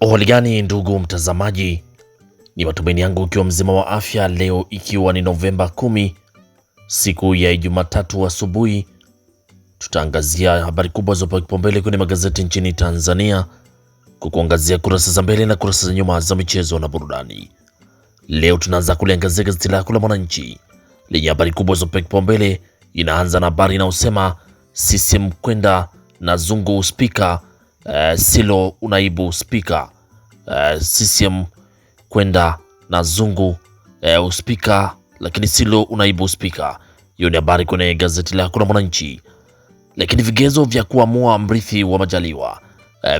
Hali gani ndugu mtazamaji, ni matumaini yangu ukiwa mzima wa afya leo, ikiwa ni Novemba kumi, siku ya Jumatatu asubuhi, tutaangazia habari kubwa zopewa kipaumbele kwenye magazeti nchini Tanzania, kukuangazia kurasa za mbele na kurasa za nyuma za michezo na burudani. Leo tunaanza kuliangazia gazeti lako la Mwananchi lenye habari kubwa zopewa kipaumbele. Inaanza na habari inayosema CCM kwenda na Zungu spika Eh, silo unaibu spika eh, CCM kwenda na Zungu eh, uspika, lakini Silo unaibu spika. Hiyo ni habari kwenye gazeti lako la Mwananchi. Lakini vigezo vya kuamua mrithi wa Majaliwa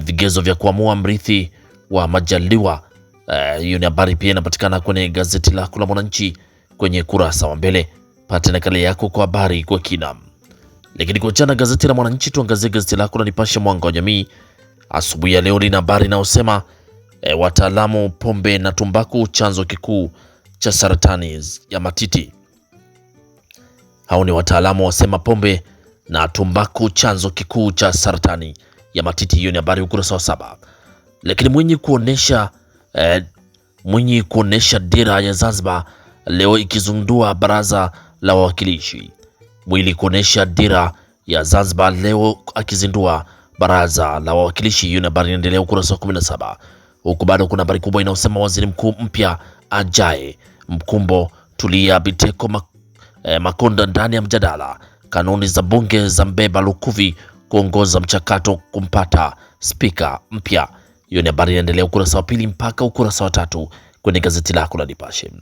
vigezo vya kuamua mrithi wa Majaliwa hiyo ni habari pia inapatikana kwenye gazeti lako la Mwananchi kwenye kurasa wa mbele. Pata nakala yako kwa habari kwa kina. Lakini kuachana gazeti la Mwananchi, tuangazie gazeti lako la Nipashe Mwanga wa Jamii asubuhi ya leo lina habari inayosema e, wataalamu pombe na tumbaku chanzo kikuu cha saratani ya matiti. Hao ni wataalamu wasema pombe na tumbaku chanzo kikuu cha saratani ya matiti. Hiyo ni habari ukurasa wa saba. Lakini Mwinyi kuonesha eh, mwenye kuonesha dira ya Zanzibar leo ikizundua baraza la wawakilishi. mwili kuonesha dira ya Zanzibar leo akizindua Baraza la Wawakilishi. Hiyo ni habari inaendelea ukurasa wa 17, huku bado kuna habari kubwa inayosema waziri mkuu mpya ajaye Mkumbo, Tulia, Biteko, eh, Makonda ndani ya mjadala. Kanuni za bunge za mbeba Lukuvi kuongoza mchakato kumpata spika mpya. Hiyo ni habari inaendelea ukurasa wa pili mpaka ukurasa wa tatu kwenye gazeti lako la Nipashe.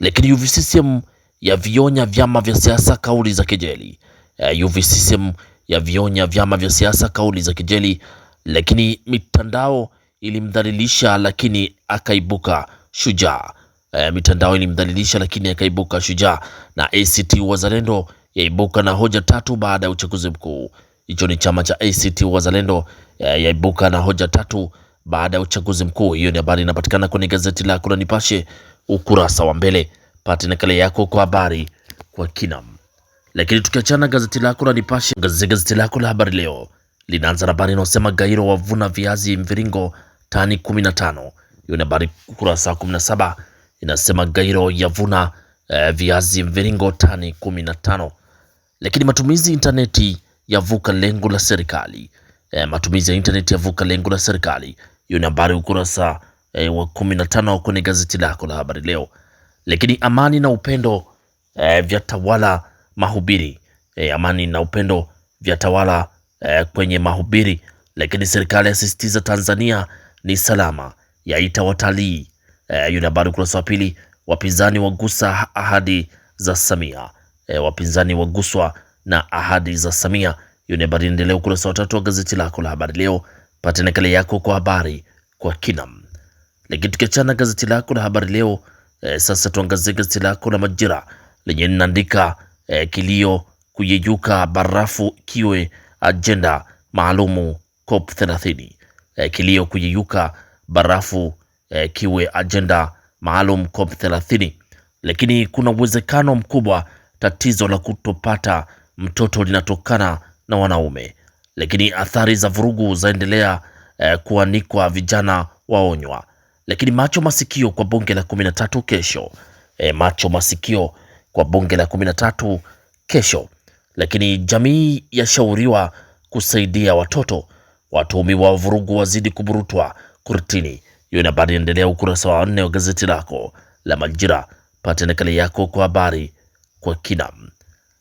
Lakini UVCCM yavionya vyama vya siasa kauli za kejeli. Uh, eh, UVCCM yavionya vyama vya siasa kauli za kijeli, lakini mitandao ilimdhalilisha lakini akaibuka shujaa. E, mitandao ilimdhalilisha lakini akaibuka shujaa. Na ACT Wazalendo yaibuka na hoja tatu baada ya uchaguzi mkuu. Hicho ni chama cha ACT Wazalendo e, yaibuka na hoja tatu baada ya uchaguzi mkuu. Hiyo ni habari inapatikana kwenye gazeti la la Nipashe ukurasa wa mbele. Pate nakala yako kwa habari kwa kinam lakini tukiachana gazeti lako la Nipashe, gazeti gazeti lako la Habari Leo linaanza habari inayosema Gairo wavuna viazi mviringo tani 15. Hiyo ni habari kurasa 17 inasema Gairo yavuna eh, viazi mviringo tani 15. Lakini matumizi interneti yavuka lengo la serikali. Eh, matumizi ya intaneti yavuka lengo la serikali. Hiyo ni habari ukurasa eh, wa 15 kwenye gazeti lako la Habari Leo. Lakini amani na upendo eh, vya tawala mahubiri e, amani na upendo vya tawala e, kwenye mahubiri. Lakini serikali yasisitiza Tanzania ni salama, yaita watalii e, yule habari ukurasa wa pili. Wapinzani wagusa ahadi za Samia e, wapinzani waguswa na ahadi za Samia. Hiyo ni habari inaendelea ukurasa wa tatu wa gazeti lako la habari leo. Pata nakala yako kwa habari kwa kinam. Lakini tukiachana gazeti lako la habari leo e, sasa tuangazie gazeti lako la Majira lenye linaandika eh, kilio kuyeyuka barafu kiwe ajenda ah, maalumu COP 30. Eh, kilio kuyeyuka barafu eh, kiwe ajenda maalum COP 30, lakini kuna uwezekano mkubwa tatizo la kutopata mtoto linatokana na wanaume, lakini athari za vurugu zaendelea eh, kuanikwa, vijana waonywa. Lakini macho masikio kwa bunge la 13 kesho. Eh, macho masikio kwa bunge la kumi na tatu kesho. Lakini jamii yashauriwa kusaidia watoto. Watuhumiwa wa vurugu wazidi kuburutwa kurtini. Hiyo ni habari inaendelea ukurasa wa nne wa gazeti lako la Majira. Pate nakala yako kwa habari kwa kina.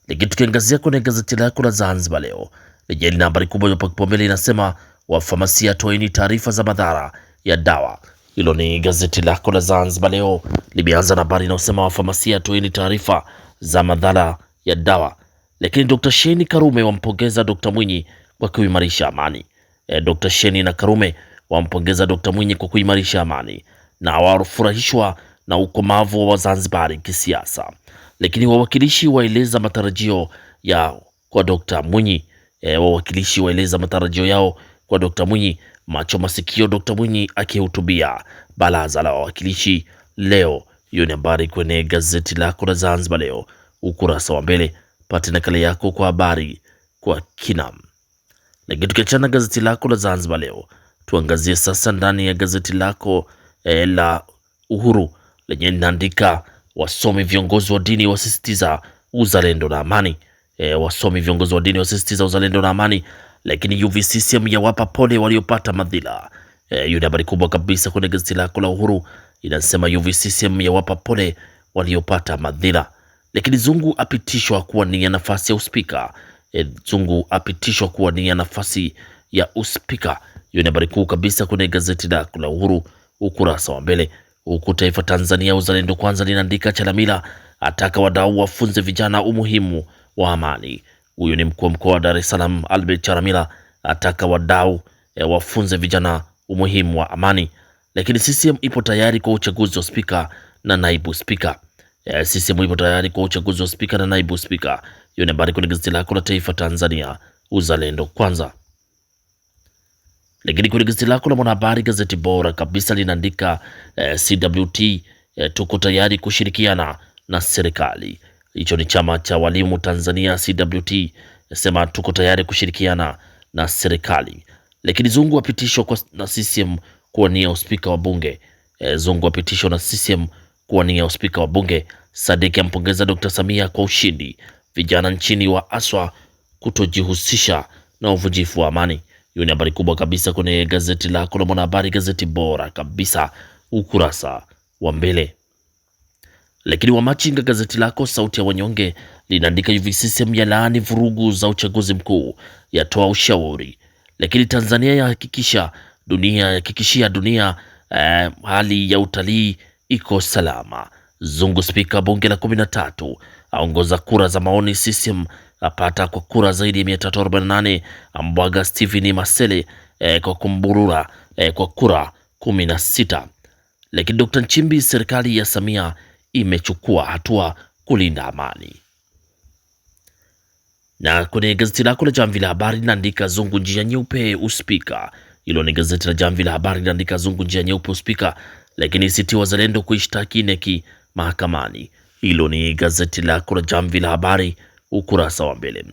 Lakini tukiangazia kwenye gazeti lako la Zanzibar Leo lenye habari kubwa iliyopewa kipaumbele inasema wafamasia toeni taarifa za madhara ya dawa. Hilo ni gazeti lako la Zanzibar Leo, limeanza na habari inayosema wafamasia toeni taarifa za madhara ya dawa. Lakini Dr Sheni Karume wampongeza Dr Mwinyi kwa kuimarisha amani. E, Dr Sheni na Karume wampongeza Dr Mwinyi kwa kuimarisha amani na wafurahishwa na ukomavu wa Wazanzibari kisiasa. Lakini wawakilishi waeleza matarajio yao kwa Dr Mwinyi. E, wawakilishi waeleza matarajio yao kwa Dr Mwinyi macho masikio Dr. Mwinyi akihutubia baraza la wawakilishi leo. Hiyo ni habari kwenye gazeti lako la Zanzibar Leo ukurasa wa mbele, pate nakala yako kwa habari kwa kina. Lakini tukiachana gazeti lako la Zanzibar Leo, tuangazie sasa ndani ya gazeti lako eh, la Uhuru lenye linaandika wasomi viongozi wa dini wasisitiza uzalendo na amani. E, wasomi viongozi wa dini wasisitiza uzalendo na amani lakini UVCCM yawapa pole waliopata madhila. E, hiyo ni habari kubwa kabisa kwenye gazeti lako la Uhuru inasema UVCCM yawapa pole waliopata madhila. Lakini Zungu apitishwa kuwa ni nafasi ya uspika. E, Zungu apitishwa kuwa ni nafasi ya uspika. Hiyo ni habari kuu kabisa kwenye gazeti lako la Uhuru ukurasa wa mbele. Huku Taifa Tanzania Uzalendo Kwanza linaandika Chalamila ataka wadau wafunze vijana umuhimu wa amani. Huyu ni mkuu wa mkoa wa Dar es Salaam Albert Charamila ataka wadau e, wafunze vijana umuhimu wa amani. Lakini CCM ipo tayari kwa uchaguzi wa spika na naibu spika. E, eh, CCM ipo tayari kwa uchaguzi wa spika na naibu spika. Hiyo ni habari kwenye gazeti lako la Taifa Tanzania Uzalendo Kwanza. Lakini kwenye gazeti lako la Mwanahabari, gazeti bora kabisa linaandika e, eh, CWT e, tuko tayari kushirikiana na serikali. Hicho ni chama cha walimu Tanzania CWT sema tuko tayari kushirikiana na serikali. Lakini Zungu apitishwa na CCM kuwania uspika wa bunge. E, Zungu apitishwa na CCM kuwania uspika wa bunge. Sadiki ampongeza Dr. Samia kwa ushindi. Vijana nchini wa aswa kutojihusisha na uvujifu wa amani. Hiyo ni habari kubwa kabisa kwenye gazeti lako la Mwanahabari, gazeti bora kabisa, ukurasa wa mbele. Lakini Wamachinga, gazeti lako Sauti ya Wanyonge linaandika hivi: ya laani vurugu za uchaguzi mkuu, yatoa ushauri. Lakini Tanzania yahakikisha dunia yahakikishia dunia eh, hali ya utalii iko salama. Zungu spika bunge la kumi na tatu aongoza kura za maoni CCM apata kwa kura zaidi ya 348. Ambwaga Stephen Masele eh, kwa kumburura eh, kwa kura 16. Lakini Dr. Nchimbi serikali ya Samia imechukua hatua kulinda amani. Na kwenye gazeti lako la Jamvi la Habari linaandika zungu njia nyeupe uspika. Hilo ni gazeti la Jamvi la Habari linaandika zungu njia nyeupe uspika, lakini siti Wazalendo kuishtaki neki mahakamani. Hilo ni gazeti lako la Jamvi la Habari ukurasa wa mbele.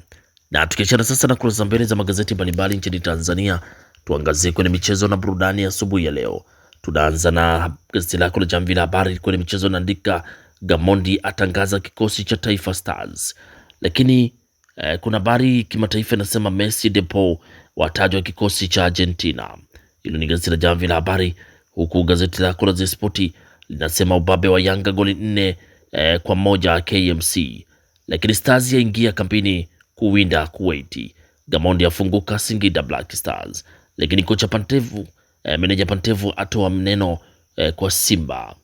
Na tukiachana sasa na kurasa mbele za magazeti mbalimbali nchini Tanzania, tuangazie kwenye michezo na burudani asubuhi ya, ya leo. Tunaanza na gazeti lako la Jamvi la Habari kwenye michezo, naandika Gamondi atangaza kikosi cha Taifa Stars, lakini eh, kuna habari kimataifa inasema Messi Depo watajwa kikosi cha Argentina. Hilo ni gazeti la Jamvi la Habari, huku gazeti lako la Zespoti linasema ubabe wa Yanga goli nne eh, kwa moja KMC, lakini Stars yaingia kampini kuwinda Kuwaiti. Gamondi afunguka Singida Black Stars, lakini kocha Pantevu E, meneja Pantevu atoa mneno e, kwa Simba.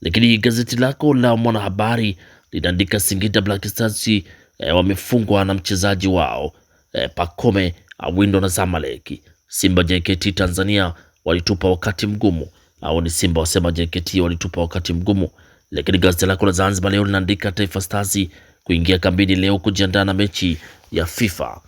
Lakini gazeti lako la Mwanahabari linaandika Singida Black Stars e, wamefungwa na mchezaji wao e, Pakome awindo na Zamalek. Simba JKT Tanzania walitupa wakati mgumu au ni Simba wasema JKT walitupa wakati mgumu. Lakini gazeti lako la Zanzibar leo linaandika Taifa Stars kuingia kambini leo kujiandaa na mechi ya FIFA.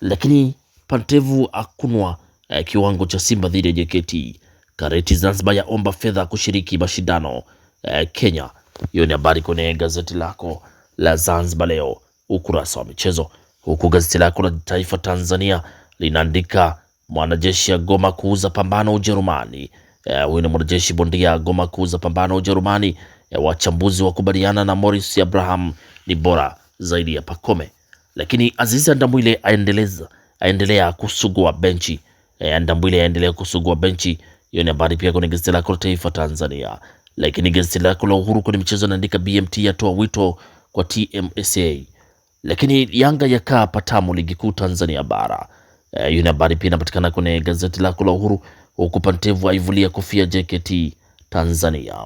Lakini Pantevu akunwa eh, kiwango cha Simba dhidi ya JKT. Kareti Zanzibar yaomba fedha kushiriki mashindano eh, Kenya. Hiyo ni habari kwenye gazeti lako la Zanzibar leo ukurasa wa michezo, huku gazeti lako la Taifa Tanzania linaandika mwanajeshi agoma kuuza pambano Ujerumani. Eh, huyu eh, ni mwanajeshi bondia agoma kuuza pambano Ujerumani. Eh, wachambuzi wakubaliana na Morris Abraham ni bora zaidi ya Pakome, lakini Aziza Ndamwile aendeleza aendelea kusugua benchi e, eh, Ndambwile aendelea kusugua benchi. Hiyo ni habari pia kwenye gazeti lako la Taifa Tanzania. Lakini gazeti lako la Uhuru kwenye michezo naandika BMT yatoa wito kwa TMSA, lakini Yanga yakaa patamu ligi kuu Tanzania bara. Eh, hiyo e, ni habari pia inapatikana kwenye gazeti lako la Uhuru, huku Pantevu aivulia kofia JKT Tanzania.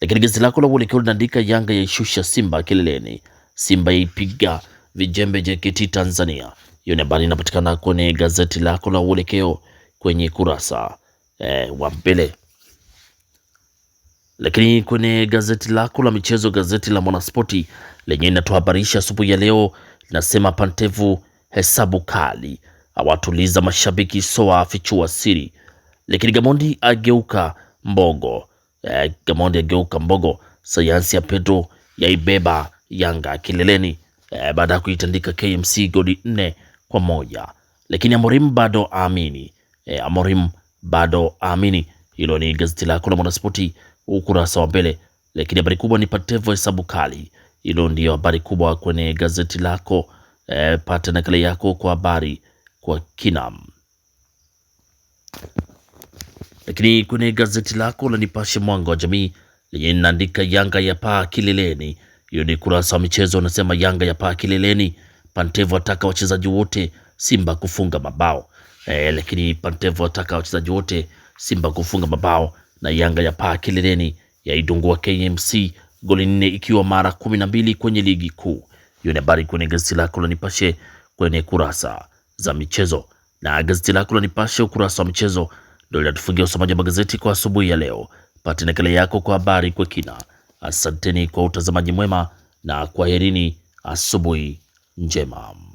Lakini gazeti lako la Uelekeo linaandika Yanga yaishusha Simba kileleni, Simba yaipiga vijembe JKT Tanzania. Hiyo ni habari inapatikana kwenye gazeti lako la Uelekeo kwenye kurasa e, wa mbele. Lakini kwenye gazeti lako la michezo, gazeti la Mwanaspoti lenye inatuhabarisha asubuhi ya leo linasema Pantevu hesabu kali awatuliza mashabiki, soa afichua siri. Lakini Gamondi ageuka mbogo e, Gamondi ageuka mbogo. Sayansi ya Pedro yaibeba Yanga kileleni e, baada ya kuitandika KMC goli nne kwa moja, lakini Amorim bado aamini e, Amorim bado aamini. Hilo ni gazeti lako la Mwanaspoti ukurasa wa mbele, lakini habari kubwa ni Patevo hesabu kali. Hilo ndio habari kubwa kwenye gazeti lako e, pata nakala yako kwa habari kwa kinam. Lakini kwenye gazeti lako la Nipashe mwanga wa jamii lenye linaandika Yanga ya paa kileleni, hiyo ni kurasa wa michezo, unasema Yanga ya paa kileleni. Pantevo ataka wachezaji wote Simba kufunga mabao e, lakini Pantevo ataka wachezaji wote Simba kufunga mabao na Yanga ya paa kileleni ya idungua KMC goli nne ikiwa mara kumi na mbili kwenye ligi kuu. Hiyo ni habari kwenye gazeti lako la Nipashe kwenye kurasa za michezo, na gazeti lako la Nipashe ukurasa wa michezo ndio linatufungia usomaji wa magazeti kwa asubuhi ya leo. Pata nakala yako kwa habari kwa kina. Asanteni kwa utazamaji mwema na kwaherini, asubuhi njema.